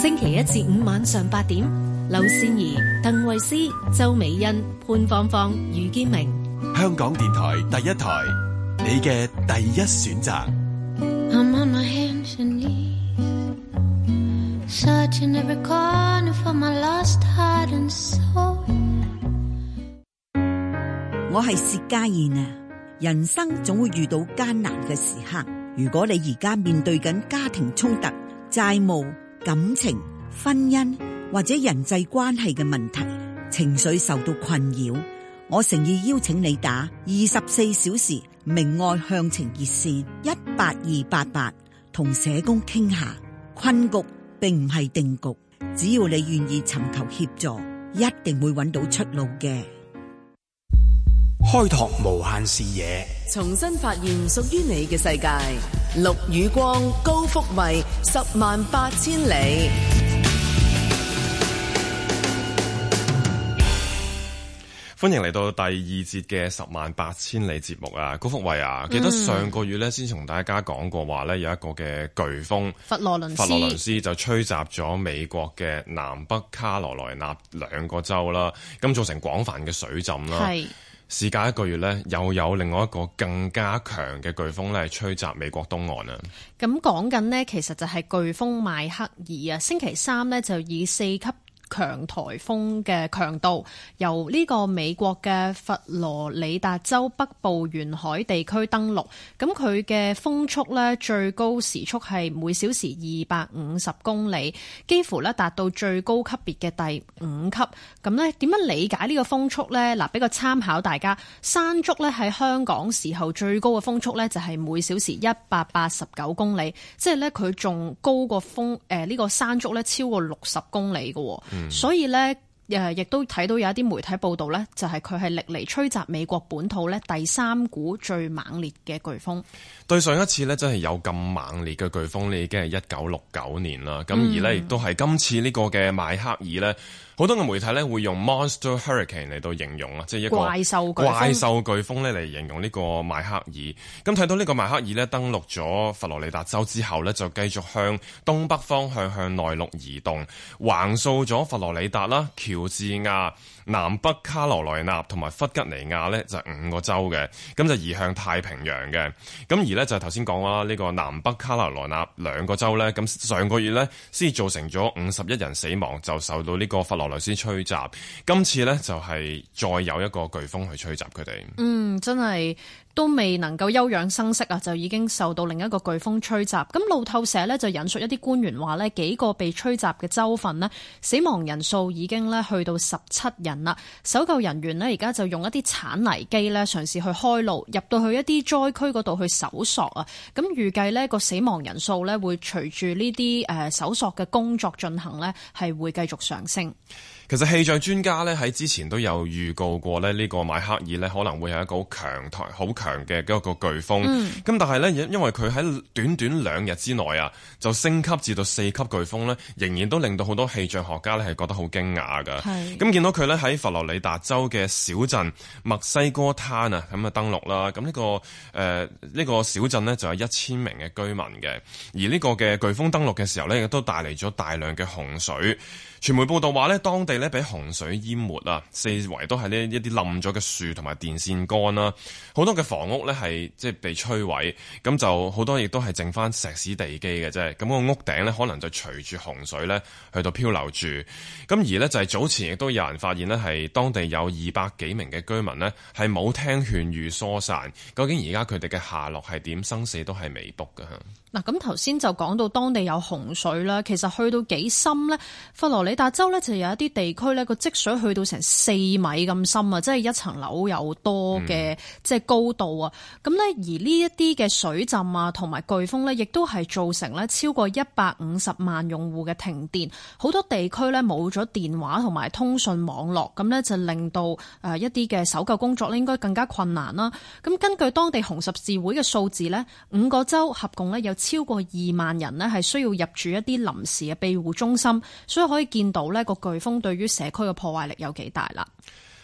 星期一至五晚上八點，劉善怡、鄧慧詩、周美欣、潘芳芳、余建明，香港電台第一台，你嘅第一選擇。我係薛家燕啊！人生總會遇到艱難嘅時刻，如果你而家面對緊家庭衝突、債務，感情、婚姻或者人際關係嘅問題，情緒受到困擾，我誠意邀請你打二十四小時明愛向晴熱線一八二八八，同社工傾下。困局並唔係定局，只要你願意尋求協助，一定會揾到出路嘅。開拓無限視野，重新發現屬於你嘅世界。陸宇光，高福慧，十萬八千里。歡迎嚟到第二節嘅十萬八千里節目啊！高福慧啊，記得上個月呢、嗯、先同大家講過話呢，有一個嘅颶風佛羅倫佛羅倫斯就吹襲咗美國嘅南北卡羅來納兩個州啦，咁造成廣泛嘅水浸啦。係。事隔一個月咧，又有另外一個更加強嘅颶風咧，係吹襲美國東岸啊！咁講緊咧，其實就係颶風邁克爾啊，星期三咧就以四級。強颱風嘅強度由呢個美國嘅佛羅里達州北部沿海地區登陸，咁佢嘅風速呢，最高時速係每小時二百五十公里，幾乎呢達到最高級別嘅第五級。咁呢點樣理解呢個風速呢？嗱，俾個參考，大家山竹呢喺香港時候最高嘅風速呢，就係每小時一百八十九公里，即係呢，佢仲高過風誒呢個山竹呢超過六十公里嘅。嗯所以咧，誒亦都睇到有一啲媒體報道咧，就係佢係歷嚟吹襲美國本土咧第三股最猛烈嘅颶風。對上一次咧，真係有咁猛烈嘅颶風呢已經係一九六九年啦。咁而呢，亦都係今次呢個嘅邁克爾呢。好多嘅媒體咧會用 monster hurricane 嚟到形容啊，即係一個怪獸、怪獸巨風咧嚟形容呢個邁克爾。咁睇到呢個邁克爾咧登陸咗佛羅里達州之後呢就繼續向東北方向向內陸移動，橫掃咗佛羅里達啦、喬治亞。南北卡羅萊納同埋弗吉尼亞呢，就五個州嘅，咁就移向太平洋嘅。咁而呢，就係頭先講啦，呢個南北卡羅萊納兩個州呢，咁上個月呢，先造成咗五十一人死亡，就受到呢個佛羅萊斯吹襲。今次呢，就係再有一個颶風去吹襲佢哋。嗯，真係。都未能夠休養生息啊，就已經受到另一個颶風吹襲。咁路透社呢就引述一啲官員話呢，幾個被吹襲嘅州份呢，死亡人數已經呢去到十七人啦。搜救人員呢而家就用一啲鏟泥機呢嘗試去開路，入到去一啲災區嗰度去搜索啊。咁預計呢個死亡人數呢會隨住呢啲誒搜索嘅工作進行呢，係會繼續上升。其實氣象專家咧，喺之前都有預告過咧，呢個邁克爾呢可能會係一個強颱、好強嘅一個個颶風。咁、嗯、但係呢因為佢喺短短兩日之內啊，就升級至到四級颶風呢，仍然都令到好多氣象學家呢係覺得好驚訝噶。咁見到佢呢喺佛羅里達州嘅小鎮墨西哥灘啊，咁啊登陸啦。咁呢個誒呢個小鎮呢就有一千名嘅居民嘅，而呢個嘅颶風登陸嘅時候呢亦都帶嚟咗大量嘅洪水。傳媒報道話咧，當地咧被洪水淹沒啊，四圍都係呢一啲冧咗嘅樹同埋電線杆啦，好多嘅房屋咧係即係被摧毀，咁就好多亦都係剩翻石屎地基嘅啫。咁個屋頂咧可能就隨住洪水咧去到漂流住。咁而呢，就係早前亦都有人發現呢係當地有二百幾名嘅居民呢係冇聽勸喻疏散，究竟而家佢哋嘅下落係點，生死都係未卜㗎。嗱咁頭先就講到當地有洪水啦，其實去到幾深呢？佛羅里達州呢，就有一啲地區呢個積水去到成四米咁深啊，即係一層樓有多嘅即係高度啊！咁、嗯、呢，而呢一啲嘅水浸啊同埋颶風呢，亦都係造成呢超過一百五十萬用戶嘅停電，好多地區呢，冇咗電話同埋通訊網絡，咁呢，就令到誒一啲嘅搜救工作呢應該更加困難啦。咁根據當地紅十字會嘅數字呢，五個州合共呢有超過二萬人呢係需要入住一啲臨時嘅庇護中心，所以可以見到呢個颶風對於社區嘅破壞力有幾大啦。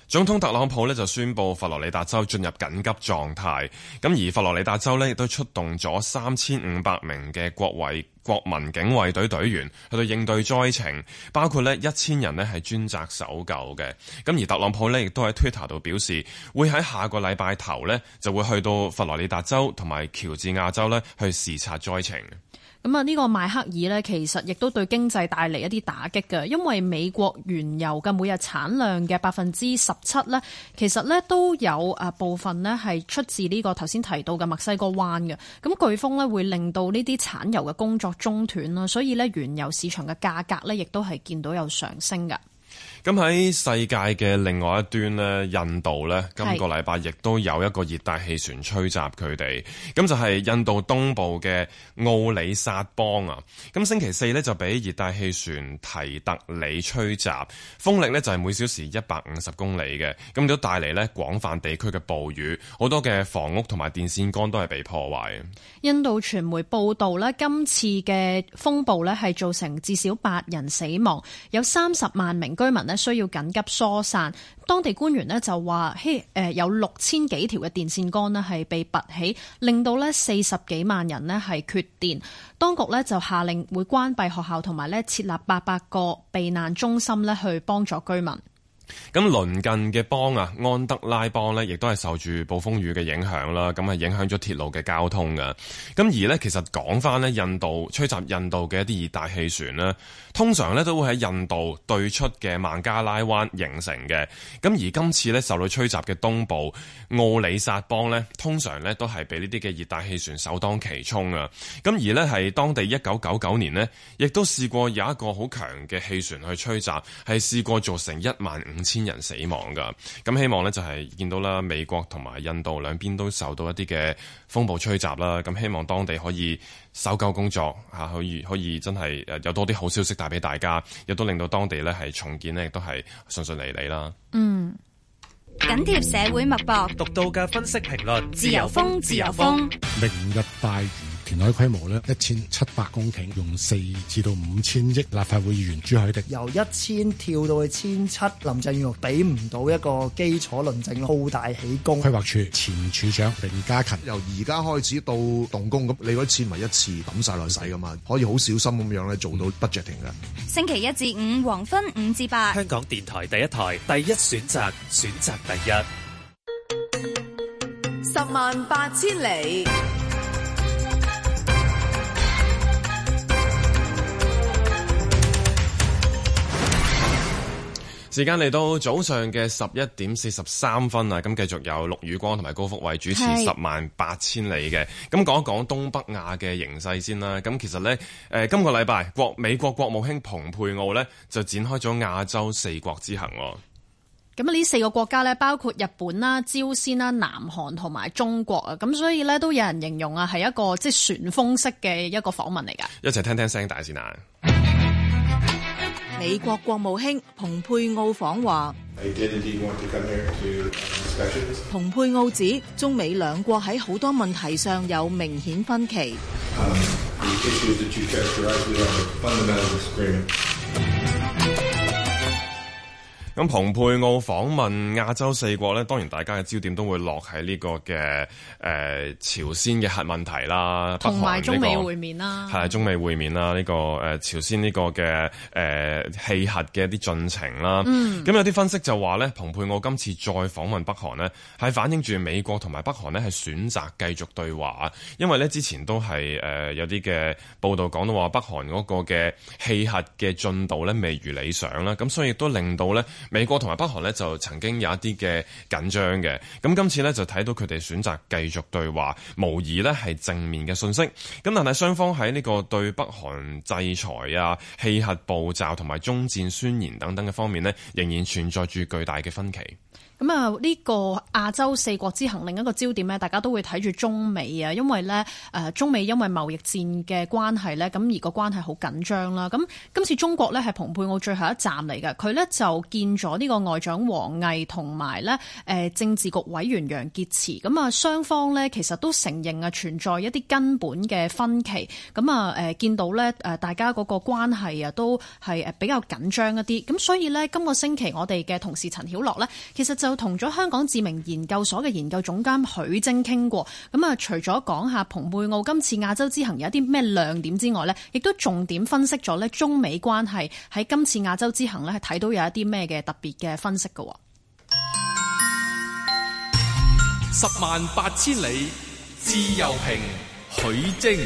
總統特朗普呢就宣布佛羅里達州進入緊急狀態，咁而佛羅里達州呢亦都出動咗三千五百名嘅國衛。國民警衛隊隊員去到應對災情，包括咧一千人咧係專責搜救嘅。咁而特朗普呢，亦都喺 Twitter 度表示，會喺下個禮拜頭呢，就會去到佛羅里達州同埋喬治亞州呢，去視察災情。咁啊，呢個麥克爾呢，其實亦都對經濟帶嚟一啲打擊㗎，因為美國原油嘅每日產量嘅百分之十七呢，其實呢都有部分呢係出自呢個頭先提到嘅墨西哥灣㗎。咁颶風呢會令到呢啲產油嘅工作中斷啦，所以呢，原油市場嘅價格呢，亦都係見到有上升㗎。咁喺世界嘅另外一端咧，印度咧，今個禮拜亦都有一個熱帶氣旋吹襲佢哋。咁就係印度東部嘅奧里薩邦啊。咁星期四咧就俾熱帶氣旋提特里吹襲，風力咧就係、是、每小時一百五十公里嘅。咁都帶嚟咧廣泛地區嘅暴雨，好多嘅房屋同埋電線桿都係被破壞，印度傳媒報道咧，今次嘅風暴咧係造成至少八人死亡，有三十萬名居民。需要緊急疏散，當地官員呢就話，誒，有六千幾條嘅電線杆呢係被拔起，令到呢四十幾萬人呢係缺電。當局呢就下令會關閉學校，同埋咧設立八百個避難中心咧去幫助居民。咁鄰近嘅邦啊，安德拉邦呢，亦都係受住暴風雨嘅影響啦，咁係影響咗鐵路嘅交通㗎。咁而呢，其實講返呢，印度吹襲印度嘅一啲熱帶氣旋啦、啊，通常呢都會喺印度對出嘅孟加拉灣形成嘅。咁而今次呢，受到吹襲嘅東部奧里薩邦呢，通常呢都係俾呢啲嘅熱帶氣旋首當其衝啊。咁而呢，係當地一九九九年呢，亦都試過有一個好強嘅氣旋去吹襲，係試過造成一萬五五千人死亡噶，咁希望呢就係見到啦，美國同埋印度兩邊都受到一啲嘅風暴吹襲啦，咁希望當地可以搜救工作吓，可以可以真係誒有多啲好消息帶俾大家，亦都令到當地呢係重建咧，亦都係順順利利啦。嗯，緊貼社會脈搏，獨到嘅分析評論，自由風，自由風，明日快娛。填海規模咧一千七百公頃，用四至到五千億。立法會議員朱凱廸由一千跳到去千七，林鄭月娥畀唔到一個基礎論證浩好大起工。規劃處前處長凌嘉勤由而家開始到動工，咁你嗰一次咪一次抌晒落嚟使噶嘛？可以好小心咁樣咧做到 budgeting 噶。星期一至五黃昏五至八，香港電台第一台，第一選擇，選擇第一。十萬八千里。時間嚟到早上嘅十一點四十三分啊！咁繼續有陸宇光同埋高福偉主持《十萬八千里》嘅，咁講一講東北亞嘅形勢先啦。咁其實呢，誒、呃、今個禮拜國美國國務卿蓬佩奧呢就展開咗亞洲四國之行。咁呢四個國家呢，包括日本啦、朝鮮啦、南韓同埋中國啊，咁所以呢，都有人形容啊係一個即係旋風式嘅一個訪問嚟噶。一齊聽聽聲帶大先啊！美國國務卿蓬佩奧訪華。蓬佩奧指，中美兩國喺好多問題上有明顯分歧。Um, 咁蓬佩奧訪問亞洲四國咧，當然大家嘅焦點都會落喺呢、這個嘅誒、呃、朝鮮嘅核問題啦，同埋、這個、中美會面啦，係中美會面啦，呢、這個誒、呃、朝鮮呢個嘅誒棄核嘅一啲進程啦。咁、嗯、有啲分析就話咧，蓬佩奧今次再訪問北韓呢，係反映住美國同埋北韓呢係選擇繼續對話，因為呢之前都係誒、呃、有啲嘅報道講到話北韓嗰個嘅棄核嘅進度呢未如理想啦，咁所以亦都令到咧。美國同埋北韓呢就曾經有一啲嘅緊張嘅，咁今次呢，就睇到佢哋選擇繼續對話，無疑呢係正面嘅信息。咁但係雙方喺呢個對北韓制裁啊、棄核步驟同埋終戰宣言等等嘅方面呢，仍然存在住巨大嘅分歧。咁啊，呢個亞洲四國之行另一個焦點呢，大家都會睇住中美啊，因為呢，誒中美因為貿易戰嘅關係呢，咁而個關係好緊張啦。咁今次中國呢，係蓬佩奧最後一站嚟嘅，佢呢就見咗呢個外長王毅同埋呢誒政治局委員楊潔篪。咁啊，雙方呢其實都承認啊存在一啲根本嘅分歧。咁啊誒見到呢誒大家嗰個關係啊都係誒比較緊張一啲。咁所以呢，今個星期我哋嘅同事陳曉樂呢，其實就同咗香港知名研究所嘅研究總監許晶傾過，咁啊，除咗講下蓬佩奧今次亞洲之行有一啲咩亮點之外咧，亦都重點分析咗咧中美關係喺今次亞洲之行咧係睇到有一啲咩嘅特別嘅分析嘅。十萬八千里自由平許晶，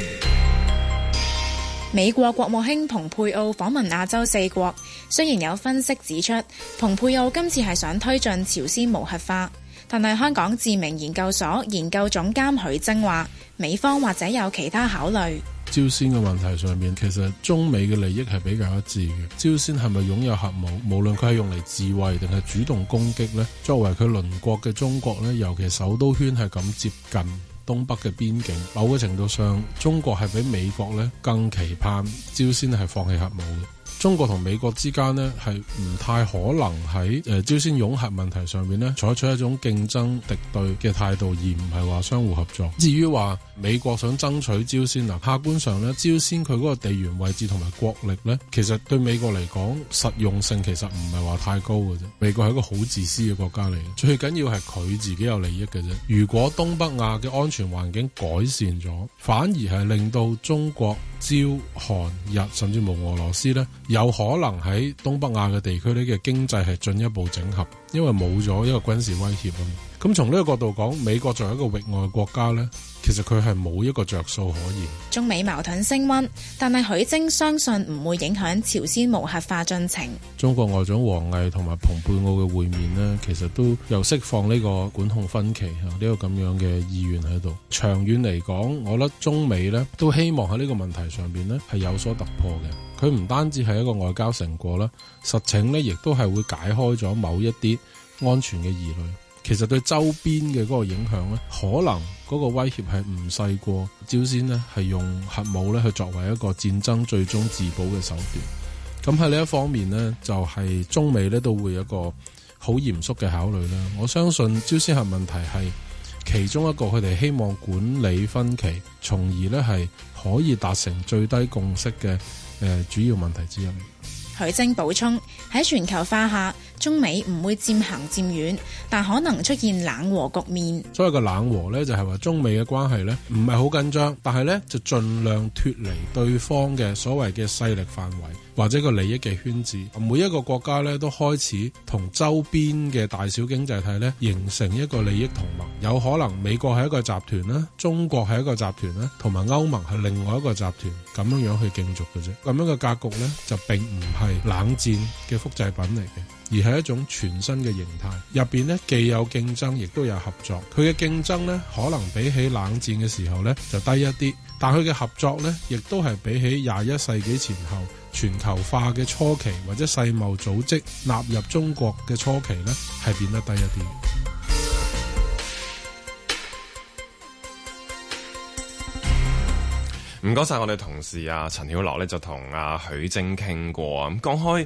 美國國務卿蓬佩奧訪問亞洲四國。雖然有分析指出，蓬佩奧今次係想推進朝鮮無核化，但係香港智明研究所研究總監許楨話，美方或者有其他考慮。朝鮮嘅問題上面，其實中美嘅利益係比較一致嘅。朝鮮係咪擁有核武？無論佢係用嚟自衛定係主動攻擊呢？作為佢鄰國嘅中國呢，尤其首都圈係咁接近東北嘅邊境，某個程度上，中國係比美國呢更期盼朝鮮係放棄核武嘅。中國同美國之間呢係唔太可能喺誒朝鮮擁核問題上面呢採取一種競爭敵對嘅態度，而唔係話相互合作。至於話美國想爭取朝鮮啊，客觀上呢，朝鮮佢嗰個地緣位置同埋國力呢，其實對美國嚟講實用性其實唔係話太高嘅啫。美國係一個好自私嘅國家嚟，最緊要係佢自己有利益嘅啫。如果東北亞嘅安全環境改善咗，反而係令到中國。朝韓日甚至無俄羅斯呢，有可能喺東北亞嘅地區呢嘅經濟係進一步整合，因為冇咗一個軍事威脅。咁從呢個角度講，美國作為一個域外國家咧，其實佢係冇一個着數可言。中美矛盾升溫，但係許楨相信唔會影響朝鮮無核化進程。中國外長王毅同埋蓬佩奧嘅會面咧，其實都又釋放呢個管控分歧呢，呢個咁樣嘅意願喺度。長遠嚟講，我覺得中美咧都希望喺呢個問題上邊咧係有所突破嘅。佢唔單止係一個外交成果啦，實情咧亦都係會解開咗某一啲安全嘅疑慮。其實對周邊嘅嗰個影響呢，可能嗰個威脅係唔細過。朝鮮呢係用核武呢去作為一個戰爭最終自保嘅手段。咁喺呢一方面呢，就係、是、中美呢都會有一個好嚴肅嘅考慮啦。我相信朝鮮核問題係其中一個佢哋希望管理分歧，從而呢係可以達成最低共識嘅誒、呃、主要問題之一。許正補充喺全球化下。中美唔會漸行漸遠，但可能出現冷和局面。所謂嘅冷和呢，就係話中美嘅關係呢，唔係好緊張，但係呢，就盡量脫離對方嘅所謂嘅勢力範圍或者個利益嘅圈子。每一個國家呢，都開始同周邊嘅大小經濟體呢，形成一個利益同盟。有可能美國係一個集團啦，中國係一個集團啦，同埋歐盟係另外一個集團咁樣樣去競逐嘅啫。咁樣嘅格局呢，就並唔係冷戰嘅複製品嚟嘅。而係一種全新嘅形態，入邊咧既有競爭，亦都有合作。佢嘅競爭咧可能比起冷戰嘅時候咧就低一啲，但佢嘅合作咧亦都係比起廿一世紀前後全球化嘅初期或者世貿組織納入中國嘅初期咧，係變得低一啲。唔該晒，我哋同事啊，陳曉樂咧就同阿許晶傾過啊，咁講開。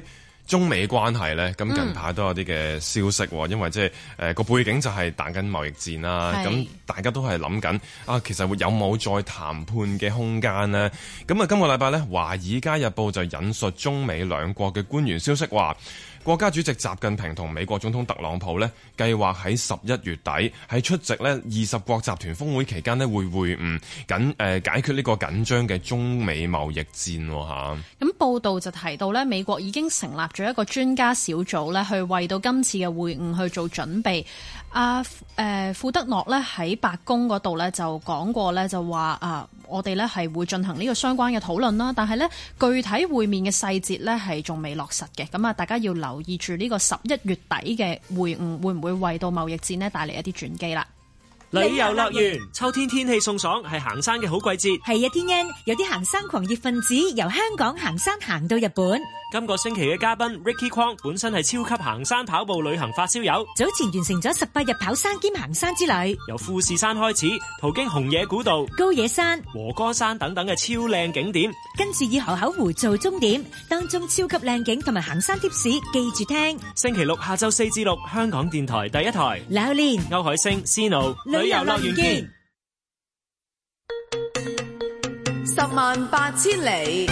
中美關係呢，咁近排都有啲嘅消息，嗯、因為即係誒個背景就係打緊貿易戰啦。咁大家都係諗緊啊，其實會有冇再談判嘅空間呢？咁啊，今個禮拜呢，《華爾街日報》就引述中美兩國嘅官員消息話，國家主席習近平同美國總統特朗普呢、計劃喺十一月底喺出席呢二十國集團峰會期間呢、會會晤、緊、呃、解決呢個緊張嘅中美貿易戰吓、咁、報道就提到呢美國已經成立咗一個專家小組呢去為到今次嘅會晤去做準備。阿、啊、誒、呃、富德諾咧喺白宮嗰度咧就講過咧就話啊，我哋咧係會進行呢個相關嘅討論啦，但係咧具體會面嘅細節咧係仲未落實嘅，咁啊大家要留意住呢個十一月底嘅會晤會唔會為到貿易戰呢帶嚟一啲轉機啦？旅遊樂園，秋天天氣送爽，係行山嘅好季節。係啊，天恩有啲行山狂熱分子由香港行山行到日本。今個星期嘅嘉賓 Ricky Kong 本身係超級行山跑步旅行發燒友，早前完成咗十八日跑山兼行山之旅，由富士山開始，途經熊野古道、高野山和歌山等等嘅超靚景點，跟住以河口湖做終點，當中超級靚景同埋行山貼士記住聽。星期六下晝四至六，香港電台第一台，柳蓮、歐海星、Sino 旅遊樂園見，十萬八千里。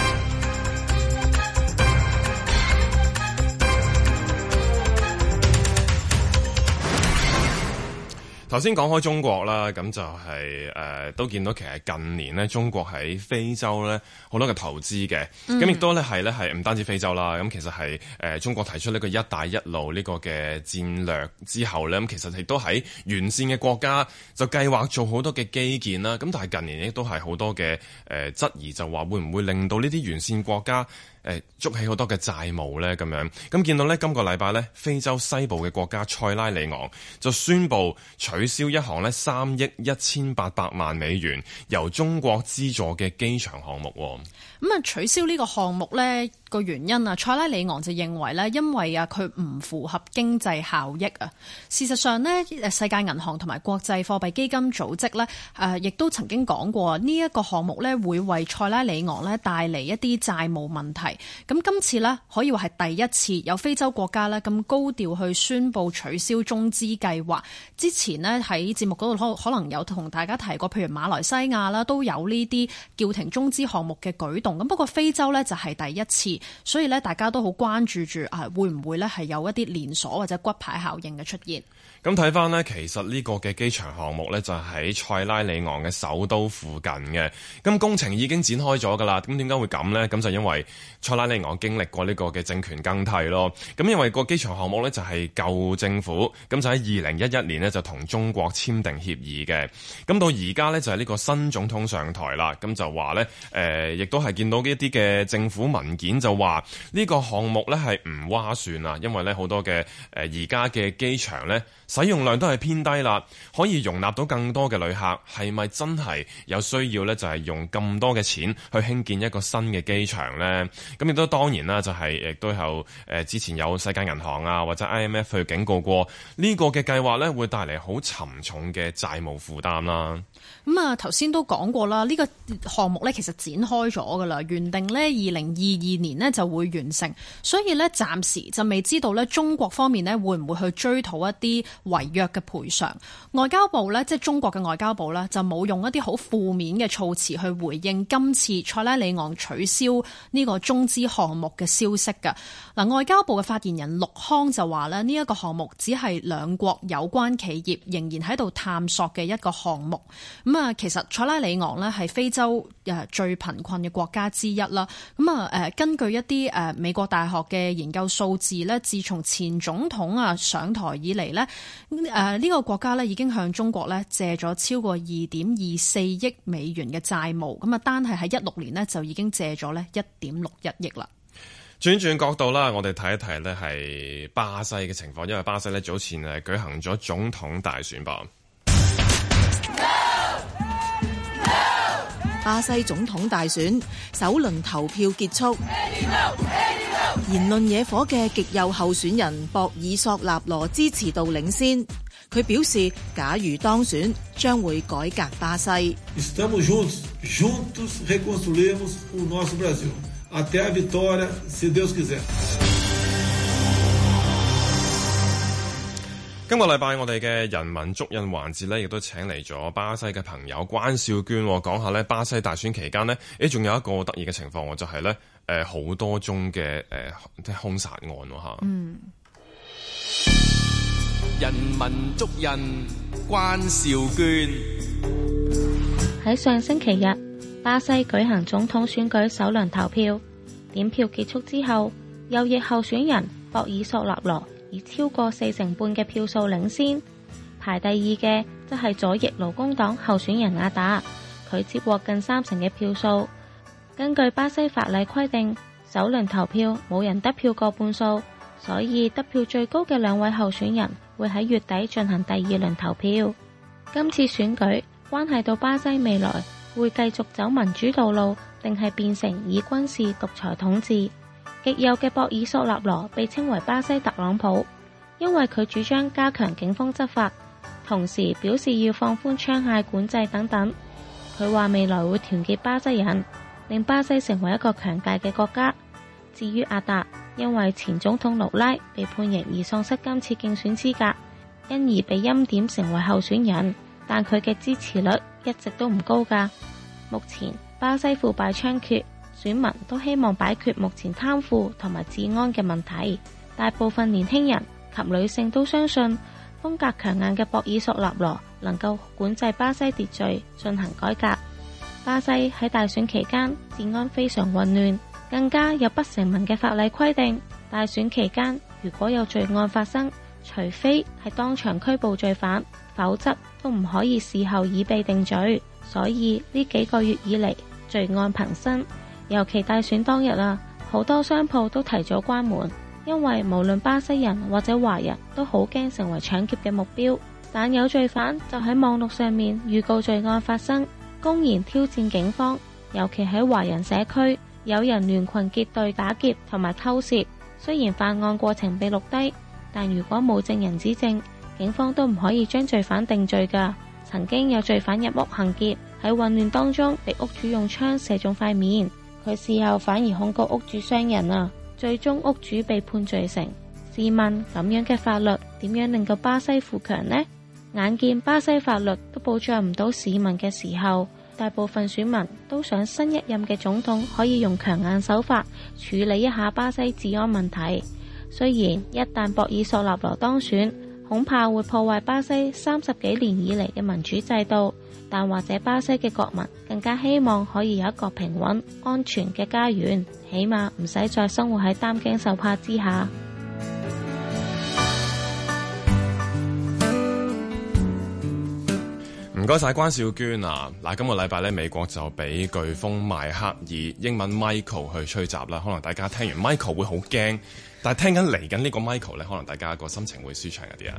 頭先講開中國啦，咁就係、是、誒、呃、都見到其實近年咧，中國喺非洲咧好多嘅投資嘅，咁、嗯、亦都咧係咧唔單止非洲啦，咁其實係、呃、中國提出呢個一帶一路呢個嘅戰略之後咧，咁其實亦都喺完善嘅國家就計劃做好多嘅基建啦，咁但係近年亦都係好多嘅誒質疑，就話會唔會令到呢啲完善國家，誒捉起好多嘅債務呢，咁樣。咁見到呢，今個禮拜呢，非洲西部嘅國家塞拉利昂就宣布取消一項呢三億一千八百萬美元由中國資助嘅機場項目。咁啊取消呢個項目咧個原因啊，塞拉里昂就認為咧，因為啊佢唔符合經濟效益啊。事實上咧，世界銀行同埋國際貨幣基金組織咧，誒亦都曾經講過呢一個項目咧會為塞拉里昂咧帶嚟一啲債務問題，咁今次咧可以話係第一次有非洲國家咧咁高調去宣布取消中資計劃，之前咧喺節目嗰度可可能有同大家提過譬如馬來西亞啦都有呢啲叫停中資項目嘅舉動。咁不過非洲呢，就係第一次，所以呢大家都好關注住啊，會唔會呢係有一啲連鎖或者骨牌效應嘅出現。咁睇翻呢，其實呢個嘅機場項目呢，就喺塞拉利昂嘅首都附近嘅。咁工程已經展開咗㗎啦。咁點解會咁呢？咁就因為塞拉利昂經歷過呢個嘅政權更替咯。咁因為個機場項目呢，就係舊政府，咁就喺二零一一年呢，就同中國簽訂協議嘅。咁到而家呢，就係呢個新總統上台啦。咁就話呢，呃，亦都係見到一啲嘅政府文件就話呢個項目呢，係唔劃算啦，因為呢好多嘅呃，而家嘅機場呢。使用量都係偏低啦，可以容納到更多嘅旅客，係咪真係有需要呢？就係用咁多嘅錢去興建一個新嘅機場呢？咁亦都當然啦、就係，就係亦都有誒、呃、之前有世界銀行啊或者 IMF 去警告過呢、呢個嘅計劃呢，會帶嚟好沉重嘅債務負擔啦。咁、嗯、啊頭先都講過啦，呢、呢個項目呢其實展開咗噶啦，原定呢二零二二年呢就會完成，所以呢，暫時就未知道呢中國方面呢會唔會去追討一啲。違約嘅賠償，外交部呢，即係中國嘅外交部呢，就冇用一啲好負面嘅措辭去回應今次塞拉利昂取消呢個中資項目嘅消息嘅嗱。外交部嘅發言人陸康就話咧，呢一個項目只係兩國有關企業仍然喺度探索嘅一個項目咁啊。其實塞拉利昂呢係非洲誒最貧困嘅國家之一啦。咁啊誒根據一啲誒美國大學嘅研究數字呢，自從前總統啊上台以嚟呢。誒，呢個國家呢，已經向中國呢借咗超過二點二四億美元嘅債務，咁啊單係喺一六年呢，就已經借咗呢一點六一億啦。轉轉角度啦，我哋睇一睇呢係巴西嘅情況，因為巴西呢早前誒舉行咗總統大選噃，no! No! 巴西總統大選首輪投票結束。No! No! No! 言論惹火嘅極右候選人博爾索納羅支持度領先，佢表示假如當選，將會改革巴西。今個禮拜，我哋嘅人民足印環節咧，亦都請嚟咗巴西嘅朋友關少娟講下咧。巴西大選期間呢，誒，仲有一個特異嘅情況，就係咧，誒，好多宗嘅誒，即係凶殺案吓。嗯。人民足印，關少娟喺上星期日，巴西舉行總統選舉首輪投票，點票結束之後，右翼候選人博爾索納羅。以超過四成半嘅票數領先，排第二嘅則係左翼勞工黨候選人阿達，佢接獲近三成嘅票數。根據巴西法例規定，首輪投票冇人得票過半數，所以得票最高嘅兩位候選人會喺月底進行第二輪投票。今次選舉關係到巴西未來會繼續走民主道路，定係變成以軍事獨裁統治？極右嘅博爾索納羅被稱為巴西特朗普，因為佢主張加強警方執法，同時表示要放寬槍械管制等等。佢話未來會團結巴西人，令巴西成為一個強大嘅國家。至於阿達，因為前總統盧拉被判刑而喪失今次競選資格，因而被欽點成為候選人，但佢嘅支持率一直都唔高㗎。目前巴西腐敗猖獗。選民都希望解決目前貪腐同埋治安嘅問題。大部分年輕人及女性都相信風格強硬嘅博爾索納羅能夠管制巴西秩序，進行改革。巴西喺大選期間治安非常混亂，更加有不成文嘅法例規定，大選期間如果有罪案發生，除非係當場拘捕罪犯，否則都唔可以事後以備定罪。所以呢幾個月以嚟，罪案頻生。尤其大選當日啊，好多商鋪都提早關門，因為無論巴西人或者華人，都好驚成為搶劫嘅目標。但有罪犯就喺網絡上面預告罪案發生，公然挑戰警方。尤其喺華人社區，有人聯群結隊打劫同埋偷竊。雖然犯案過程被錄低，但如果冇證人指證，警方都唔可以將罪犯定罪㗎。曾經有罪犯入屋行劫，喺混亂當中被屋主用槍射中塊面。佢事後反而控告屋主傷人啊！最終屋主被判罪成。試問咁樣嘅法律點樣令到巴西富強呢？眼見巴西法律都保障唔到市民嘅時候，大部分選民都想新一任嘅總統可以用強硬手法處理一下巴西治安問題。雖然一旦博爾索納羅當選，恐怕會破壞巴西三十幾年以嚟嘅民主制度。但或者巴西嘅國民更加希望可以有一個平穩、安全嘅家園，起碼唔使再生活喺擔驚受怕之下。唔該晒，關少娟啊！嗱，今個禮拜呢，美國就俾颶風邁克爾（英文 Michael） 去吹襲啦。可能大家聽完 Michael 會好驚，但係聽緊嚟緊呢個 Michael 呢，可能大家個心情會舒暢一啲啊！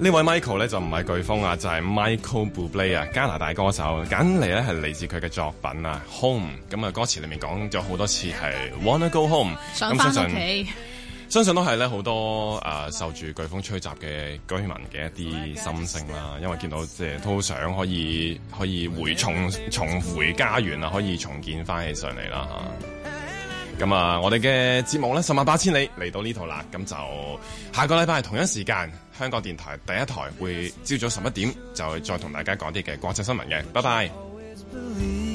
呢位 Michael 咧就唔係颶風啊，就係、是、Michael Bublé 啊，加拿大歌手。揀嚟咧係嚟自佢嘅作品啊，《Home》咁啊，歌詞裡面講咗好多次係 Wanna Go Home。想翻屋企。咁相信相信都係咧好多啊、呃，受住颶風吹襲嘅居民嘅一啲心聲啦。因為見到即係、呃、都想可以可以回重重回家園啊，可以重建翻起上嚟啦嚇。咁啊，啊，我哋嘅節目咧十萬八千里嚟到呢度啦，咁就下個禮拜係同一時間。香港電台第一台會朝早十一點就再同大家講啲嘅國際新聞嘅，拜拜。